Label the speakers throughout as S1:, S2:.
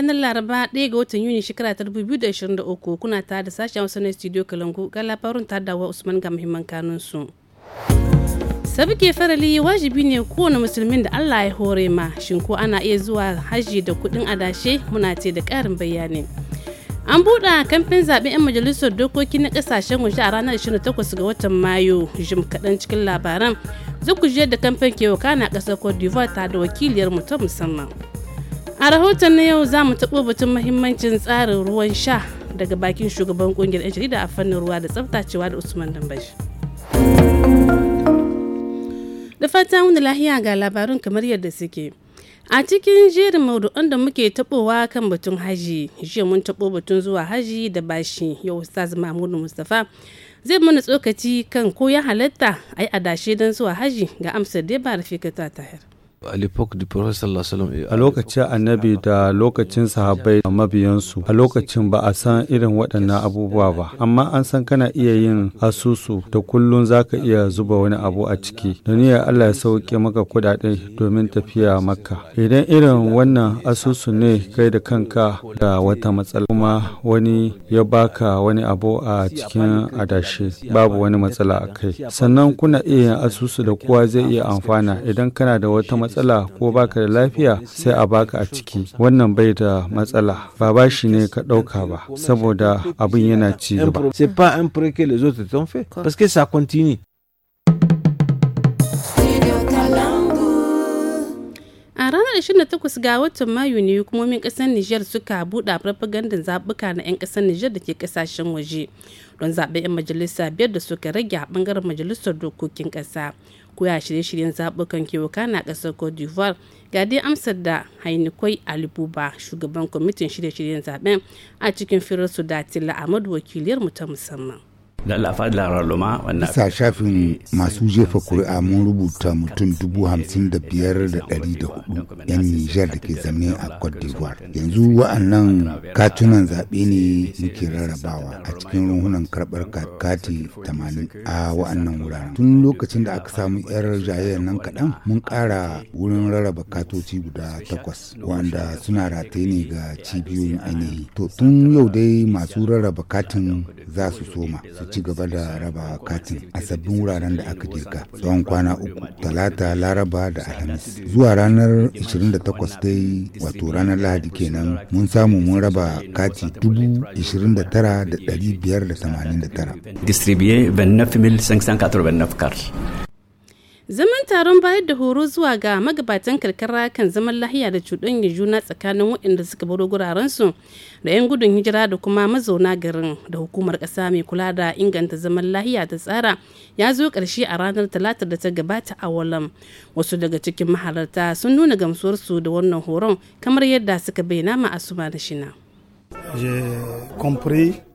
S1: ranar laraba 1 ga watan yuni shekara ta 2023 kuna ta da sashen wasu na studio kalangu ga labarin dawa usman ga muhimman kanunsu sabke farali wajibi ne kowane musulmin da allah ya hore ma shin ko ana iya zuwa hajji da kudin adashe muna ce da karin bayani an buɗe kamfen zaɓen 'yan majalisar dokoki na ƙasashen waje a ranar 28 ga watan mayu jim kaɗan cikin labaran zuku je da kamfen ke wakana ƙasar cote d'ivoire ta da wakiliyar mu ta musamman a rahoton na yau za mu taɓo batun mahimmancin tsarin ruwan sha daga bakin shugaban ƙungiyar 'yan jarida a fannin ruwa da tsaftacewa da usman dambashi da fatan wani lahiya ga labarun kamar yadda suke a cikin jerin maudu'an da muke taɓowa kan batun haji jiya mun tabo batun zuwa haji da bashi yau ustaz mahmudu mustapha zai mana tsokaci kan ko ya halatta a yi adashe don zuwa haji ga amsar dai ba rafika ta tahir
S2: a a lokacin annabi da lokacin sahabai da mabiyansu a lokacin ba a san irin waɗannan abubuwa ba amma an san kana iya yin asusu da za zaka iya zuba wani abu a ciki da niyyar Allah ya sauke maka kuɗaɗe domin tafiya makka idan irin wannan asusu ne kai da kanka da wata matsala kuma wani ya baka wani abu a cikin adashi babu wani matsala a kai sannan kuna iya yin asusu da kowa zai iya amfana idan kana da wata matsala matsala ko baka da lafiya sai a baka a ciki wannan bai da matsala ba bashi ne ka ɗauka ba saboda abin yana ci gaba.
S1: A ranar 28 ga watan Mayu ne hukumomin ƙasar Nijar suka buɗa farfagandun zaɓuka na 'yan ƙasar Nijar da ke kasashen waje don zaɓe 'yan majalisa biyar da suka rage a ɓangaren majalisar dokokin ƙasa. koya shirye-shiryen zaɓukan kewaka na ƙasar cote d'ivoire ga dai amsar da hainikwai alibuba shugaban kwamitin shirye-shiryen zaben a cikin su da tilla ahmad wakiliyar mu ta musamman
S3: da fa da raluma wannan sa
S4: shafin masu jefa kuri'a mun rubuta mutum dubu hamsin da biyar da ɗari da hudu yan nijar da ke zaune a cote d'ivoire yanzu wa'annan katunan zaɓe ne muke rarrabawa a cikin runhunan karɓar kati tamanin a wa'annan wuraren tun lokacin da aka samu yar jayayyar nan kaɗan mun ƙara wurin rarraba katoci guda takwas wanda suna rataye ne ga cibiyoyin ainihi to tun yau dai masu rarraba katin za su soma ci gaba da raba katin a sabbin wuraren da aka girka tsawon kwana uku talata laraba da alhamis zuwa ranar 28 dai wato ranar lahadi kenan mun samu mun raba kati 29,589 distribuye 29,589
S1: zaman taron bayar da horo zuwa ga magabatan karkara kan zaman lahiya da cuɗanya juna tsakanin waɗanda suka baro gurarensu da 'yan gudun hijira da kuma mazauna garin da hukumar ƙasa mai kula da inganta zaman lahiya ta tsara ya zo ƙarshe a ranar talatar da ta gabata a walam wasu daga cikin mahalarta sun nuna gamsuwarsu da wannan horon kamar yadda suka bayyana ma asuba da shina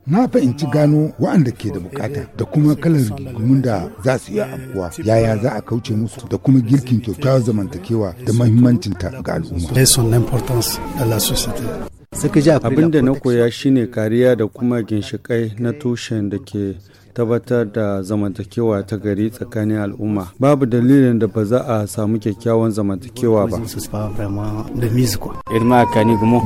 S4: Na fahimci gano waɗanda ke da bukata da kuma kalar rigingimun da za su iya afkuwa yaya za a kauce musu da kuma girkin kyautar zamantakewa da mahimmancinta ga al'umma. Abin
S2: da na koya shine kariya da kuma ginshiƙai na tushen da ke tabbatar da zamantakewa ta gari tsakanin al'umma babu dalilin da ba za a samu kyakkyawan zamantakewa ba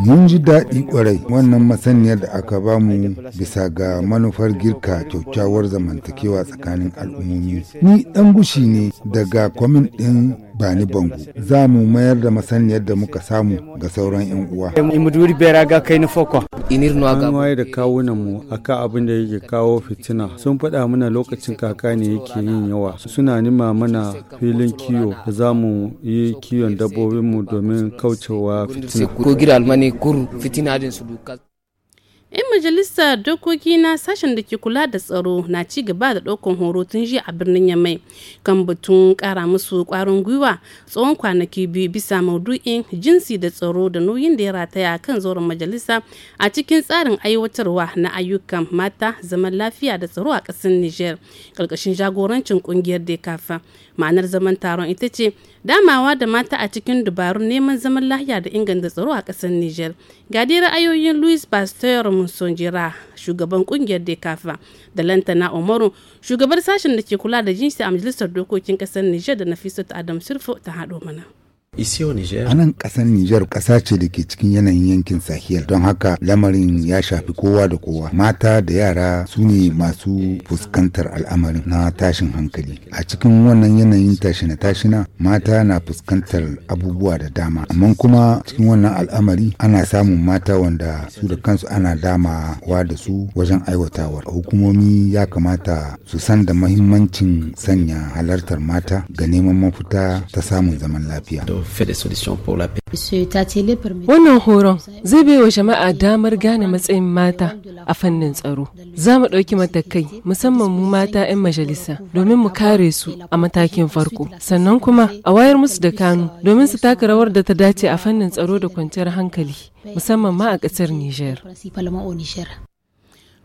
S4: mun ji daɗi ƙwarai wannan masaniyar da aka ba mu bisa ga manufar girka kyakkyawar zamantakewa tsakanin al'ummomi ni ɗan gushi ne daga kwamin ɗin bani bango za mu mayar da masaniyar da muka samu ga sauran 'yan uwa
S2: an waye da kawunan mu akan abin da yake kawo fitina sun faɗa mana lokacin kaka ne yake yin yawa suna nima mana filin kiyo da za mu yi kiyon dabbobin mu domin kaucewa fitina
S1: majalisar dokoki na sashen da ke kula da tsaro na ci gaba da ɗaukan horo tun jiya a birnin yamai kan batun kara musu kwarin gwiwa tsawon kwanaki biyu bisa maudu'in jinsi da tsaro da nauyin da ya rataya kan zauren majalisa a cikin tsarin aiwatarwa na ayyukan mata zaman lafiya da tsaro a ƙasar niger ƙarƙashin jagorancin ƙungiyar dekafa ma'anar zaman taron ita ce damawa da mata a cikin dubarun neman zaman lahiya da inganta tsaro a ƙasar niger ga ra'ayoyin louis pasteur musu jira shugaban kungiyar dekafa da lantana umaru shugabar sashen da ke kula da jinsi a majalisar dokokin kasar nijar da nafisat adam sirfo ta haɗo mana
S4: A nan ƙasar Nijar ƙasa ce da ke cikin yanayin yankin Sahel don haka lamarin ya shafi kowa da kowa. Mata da yara su ne masu fuskantar al'amarin na tashin hankali. A cikin wannan yanayin tashina-tashina mata na fuskantar abubuwa da dama. Amma kuma cikin wannan al'amari ana samun mata wanda su da kansu ana wa da su wajen aiwatawar. Hukumomi ya kamata su san da mahimmancin sanya halartar mata ga neman mafita ta samun zaman lafiya.
S1: Wannan horon zai bai wa jama'a damar gane matsayin mata a fannin tsaro. Za mu ɗauki matakai musamman mu mata 'yan majalisa domin mu kare su a matakin farko. Sannan kuma a wayar musu da kanu domin su taka rawar da ta dace a fannin tsaro da kwanciyar hankali musamman ma a ƙasar Nijar.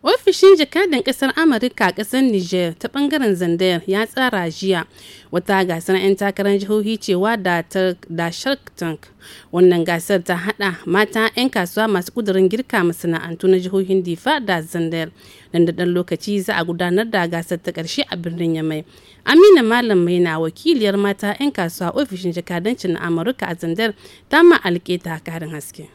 S1: ofishin jakadan kasar amurka kasar niger ta bangaren zandayar ya tsara jiya wata gasar 'yan takarar jihohi cewa da, da shark tank wannan gasar ta hada mata 'yan kasuwa masu kudurin girka masana'antu na jihohin difa da zandayar nan dan lokaci za a gudanar da gasar ta karshe a birnin yamai amina malam mai na wakiliyar mata 'yan kasuwa ofishin jakadancin amurka a zandar ta ma ta karin haske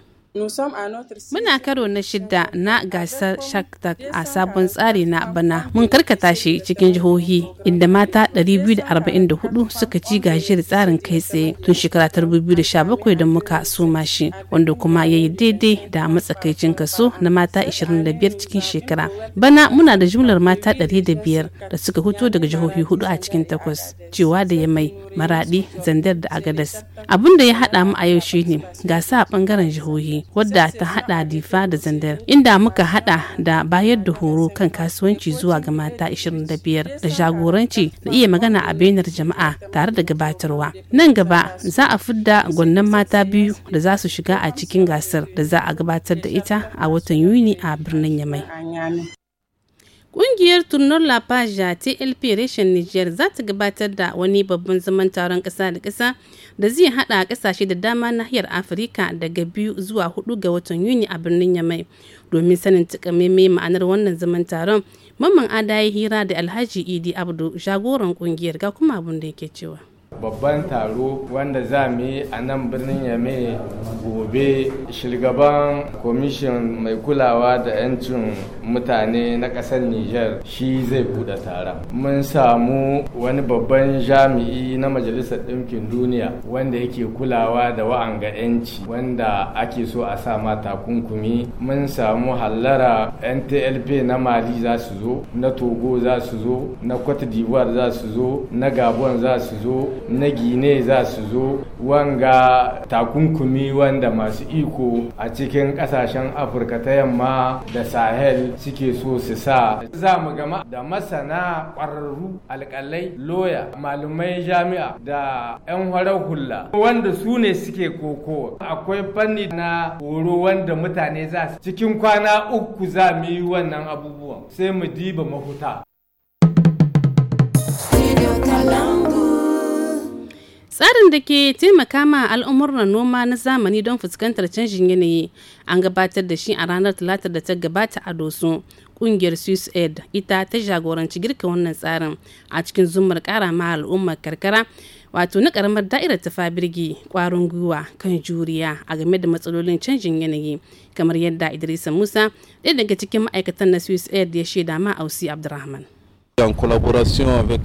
S1: Muna karo na shida na gasar Shaktak a sabon tsari na bana mun karkata shi cikin jihohi inda mata 244 suka ci gajiyar tsarin kai tsaye tun shekara 2017 da muka suma shi wanda kuma ya yi daidai da matsakaicin kaso na mata 25 cikin shekara. Bana muna da jumlar mata 500 da suka fito daga jihohi hudu a cikin takwas cewa da ya mai maradi zandar da agadas. Abin da ya haɗa mu a yau shine gasa a ɓangaren jihohi. wadda ta hada difa da zandar inda muka hada da bayar da horo kan kasuwanci zuwa ga mata 25 da jagoranci da iya magana a bainar jama'a tare da gabatarwa nan gaba za a fidda gwannan mata biyu da za su shiga a cikin gasar da za a gabatar da ita a watan yuni a birnin yamai Ƙungiyar Turnar La Paja TLP reshen Niger za ta gabatar da wani babban zaman taron ƙasa da ƙasa da zai hada kasashe da dama nahiyar afirka daga biyu zuwa hudu ga watan yuni a birnin yamai domin sanin takamaimai ma'anar wannan zaman taron mamman ada hira da alhaji idi abdu jagoran kungiyar ga kuma abin da yake cewa
S3: babban taro wanda za mu yi a nan birnin yame gobe shugaban komishin mai kulawa da 'yancin mutane na ƙasar niger shi zai buɗe tara mun samu wani babban jami'i na majalisar ɗinkin duniya wanda yake kulawa da wa'anga 'yanci wanda ake so a sa mata kunkumi mun samu hallara ntlp na mali za su zo na togo za su zo na cote d'ivoire za su zo na gabon za su zo na gine za su zo wanga takunkumi wanda masu iko a cikin kasashen afirka ta yamma da sahel suke so su sa za mu gama da masana ƙwararru alkalai. loya malumai jami'a da 'yan horar hula wanda su ne suke koko akwai fanni na horo wanda mutane za su cikin kwana uku za mu yi wannan abubuwan sai mu diba mafuta.
S1: tsarin da ke taimaka ma al'amuran noma na zamani don fuskantar canjin yanayi an gabatar da shi a ranar talatar da ta gabata a doso kungiyar swiss aid ita ta jagoranci girka wannan tsarin a cikin zumar kara ma al'ummar karkara wato na karamar da'irar tafa birgi kwarin gwiwa kan juriya a game da matsalolin canjin yanayi kamar yadda idrisa musa ɗaya daga cikin ma'aikatan na swiss aid ya shaida ma ausi abdurrahman
S2: Euh,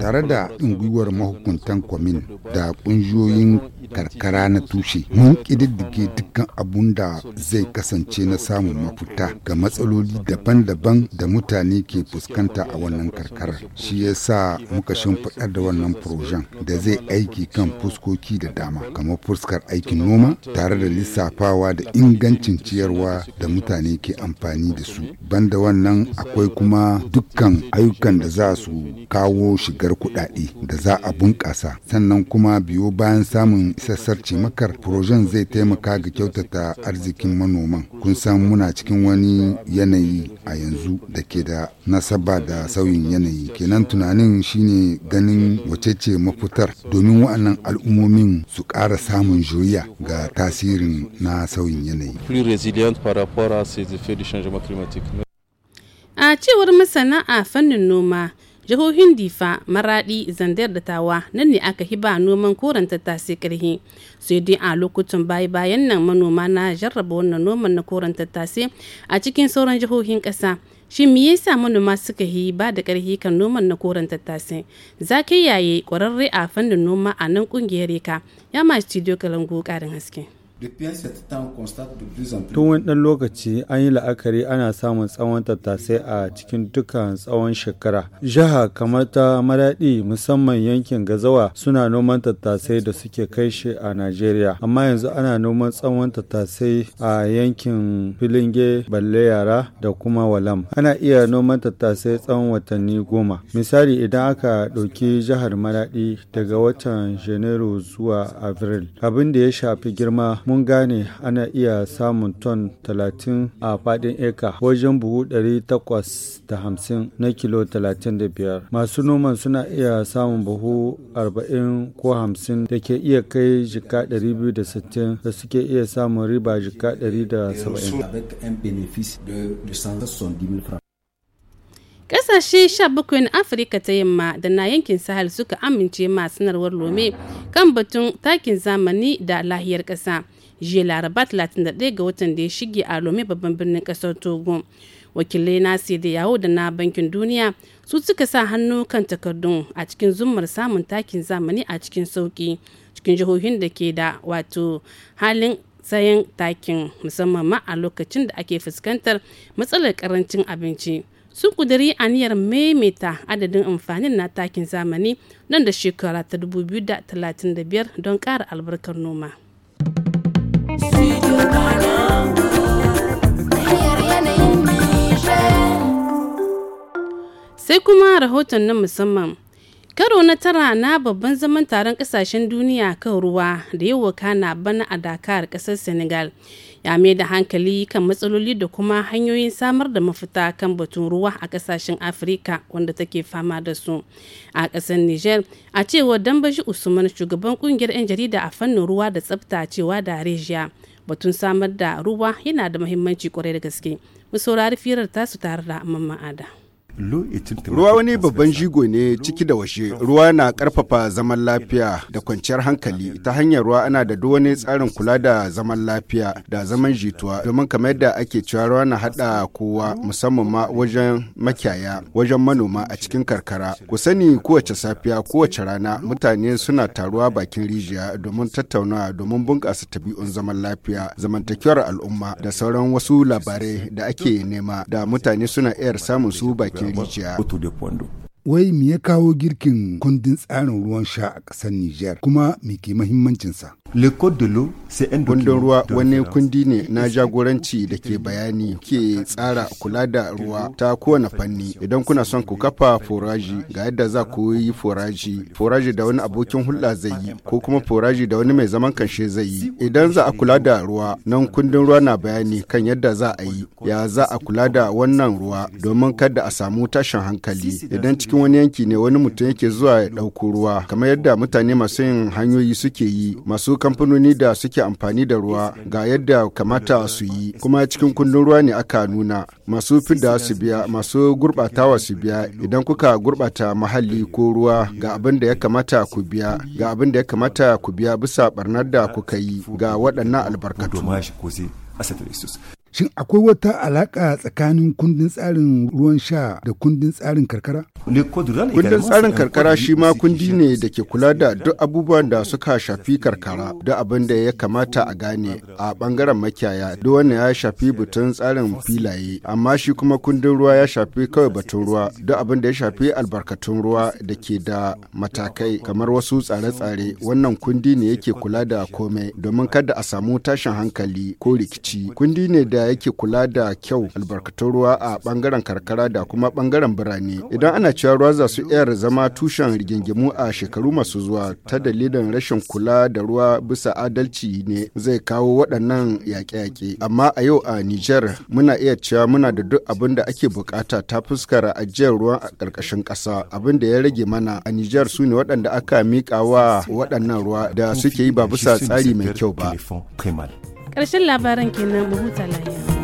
S2: tare da
S4: gwiwar mahukuntan kwamin da ƙungiyoyin karkara na tushe, mun ƙididdige dukkan abun da zai kasance na samun mafuta ga matsaloli daban-daban da mutane ke fuskanta a wannan karkarar. Shi ya sa muka shimfiɗar da wannan furojen da zai aiki kan fuskoki da dama, kamar fuskar aikin noma tare da lissafawa da ingancin ciyarwa da mutane ke amfani da su. Banda wannan akwai kuma dukkan ayyukan da za su kawo shigar kuɗaɗe da za a bunƙasa sannan kuma biyo bayan samun isassar cimakar projen zai taimaka ga kyautata arzikin manoman kun san muna cikin wani yanayi a yanzu da ke da nasaba da sauyin yanayi kenan tunanin shine ganin wacece ce mafitar domin wa'annan al'ummomin su ƙara samun juriya ga tasirin na sauyin yanayi
S1: A cewar masana a fannin noma, jihohin Difa, Maradi, Zandar da Tawa nan ne aka hiba noman koren tattasai karhi. Sai dai a lokutan baya bayan nan manoma na jarraba wannan noman na koren tattasai a cikin sauran jihohin ƙasa. Shin me yasa manoma suka yi ba da karhi kan noman na koren tattasai? Zakai yaye ƙwararre a fannin noma a nan ƙungiyar Reka, ya ma studio Kalangu ƙarin haske.
S2: Tun wani dan lokaci an yi la'akari ana samun tsawon tattasai a cikin dukkan tsawon shekara. Jiha kamar ta Maraɗi musamman yankin Gazawa suna noman tattasai da suke kai shi a Najeriya. Amma yanzu ana noman tsawon tattasai a yankin Filinge Balle Yara da kuma Walam. Ana iya noman tattasai tsawon watanni goma. Misali idan aka ɗauki jihar Maraɗi daga watan Janairu zuwa Abril. Abin da ya shafi girma mun gane ana iya samun ton 30 a fadin eka wajen buhu 850 na kilo 35. Masu noman suna iya samun buhu 40 ko 50 da ke iya kai jika 260 da suke iya samun riba jika
S5: 170.
S1: Ƙasashe 17 na Afirka ta yamma da na yankin Sahel suka amince ma sanarwar Lome kan batun takin zamani da lahiyar ƙasa. jiya laraba 31 ga watan da ya shige a lome babban birnin kasar togo wakilai na da yawo da na bankin duniya su suka sa hannu kan takardun a cikin zumar samun takin zamani a cikin sauki cikin jihohin da ke da wato halin sayan takin musamman ma a lokacin da ake fuskantar matsalar karancin abinci sun kudiri aniyar maimaita adadin amfanin na takin zamani nan da shekara ta 2035 don ƙara albarkar noma. sai kuma rahoton na musamman karo na tara na babban zaman taron kasashen duniya kan ruwa da yawa na bana a dakar kasar senegal ya mai da hankali kan matsaloli da kuma hanyoyin samar da mafita kan batun ruwa a kasashen afirka wanda take fama da su a kasar niger a cewa dambashi usman shugaban kungiyar 'yan jarida a fannin ruwa da tsabta cewa da rejiya batun samar da ruwa yana da muhimmanci kwarai da gaske musaurari firar tasu tare da mamman ada.
S5: Ruwa wani babban jigo ne ciki da washe. Ruwa na karfafa zaman lafiya da kwanciyar hankali. Ta hanyar ruwa ana da duk tsarin kula da zaman lafiya da zaman jituwa. Domin kamar yadda ake cewa ruwa na haɗa kowa musamman ma wajen makiyaya, wajen manoma a cikin karkara. Ku sani kowace safiya, kowace rana mutane suna taruwa bakin rijiya domin tattaunawa domin bunƙasa tabi'un zaman lafiya, zamantakewar al'umma da sauran wasu labarai da ake nema da mutane suna iya samun su bakin jirgiciya.
S4: Wai me ya kawo girkin kundin tsarin ruwan sha a ƙasar Nijar kuma me ke mahimmancinsa? Le code de l'eau sai ruwa wani kundi
S5: ne na jagoranci da ke bayani ke tsara kula da ruwa ta kowane fanni idan kuna son ku kafa foraji ga yadda za ku yi foraji foraji da wani abokin hulɗa zai yi ko kuma foraji da wani mai zaman kanshe zai yi idan za a kula da ruwa nan kundin ruwa na bayani kan yadda za a yi ya za a kula da wannan ruwa domin kada a samu tashin hankali idan cikin wani yanki ne wani mutum yake zuwa ya ɗauko ruwa kamar yadda mutane masu yin hanyoyi suke yi masu kamfanoni da suke amfani da ruwa ga yadda kamata su yi kuma cikin kundin ruwa ne aka nuna masu fidda su biya masu gurbatawa su biya idan kuka gurbata muhalli ko ruwa ga abin da ya kamata ku biya ga abin da ya kamata ku biya bisa barnar da kuka yi ga waɗannan albarkatu.
S4: Shin akwai wata alaƙa tsakanin kundin tsarin ruwan sha da kundin tsarin karkara? Kundin tsarin karkara shi ma
S5: kundi ne da ke kula da duk abubuwan da suka shafi karkara da abin da ya kamata a gane a ɓangaren makiyaya duk wanda ya shafi batun tsarin filaye amma shi kuma kundin ruwa ya shafi kawai batun ruwa duk abin da ya shafi albarkatun ruwa da ke da matakai kamar wasu tsare-tsare wannan kundi ne yake kula da komai domin kada a samu tashin hankali ko rikici kundi ne da yake kula da kyau albarkatun ruwa a bangaren karkara da kuma bangaren birane. Idan ana cewa ruwa za su iya zama tushen rigingimu a shekaru masu zuwa ta dalilin rashin kula da ruwa bisa adalci ne zai kawo waɗannan yaƙe-yaƙe. Amma a yau a Nijar muna iya cewa muna da duk abin da ake bukata ta fuskar ajiyar ruwa a ƙarƙashin ƙasa. Abin da ya rage mana a Nijar su ne waɗanda aka mika wa waɗannan ruwa da suke yi ba bisa tsari mai kyau ba.
S1: ƙarshen labaran kenan mu huta lahiya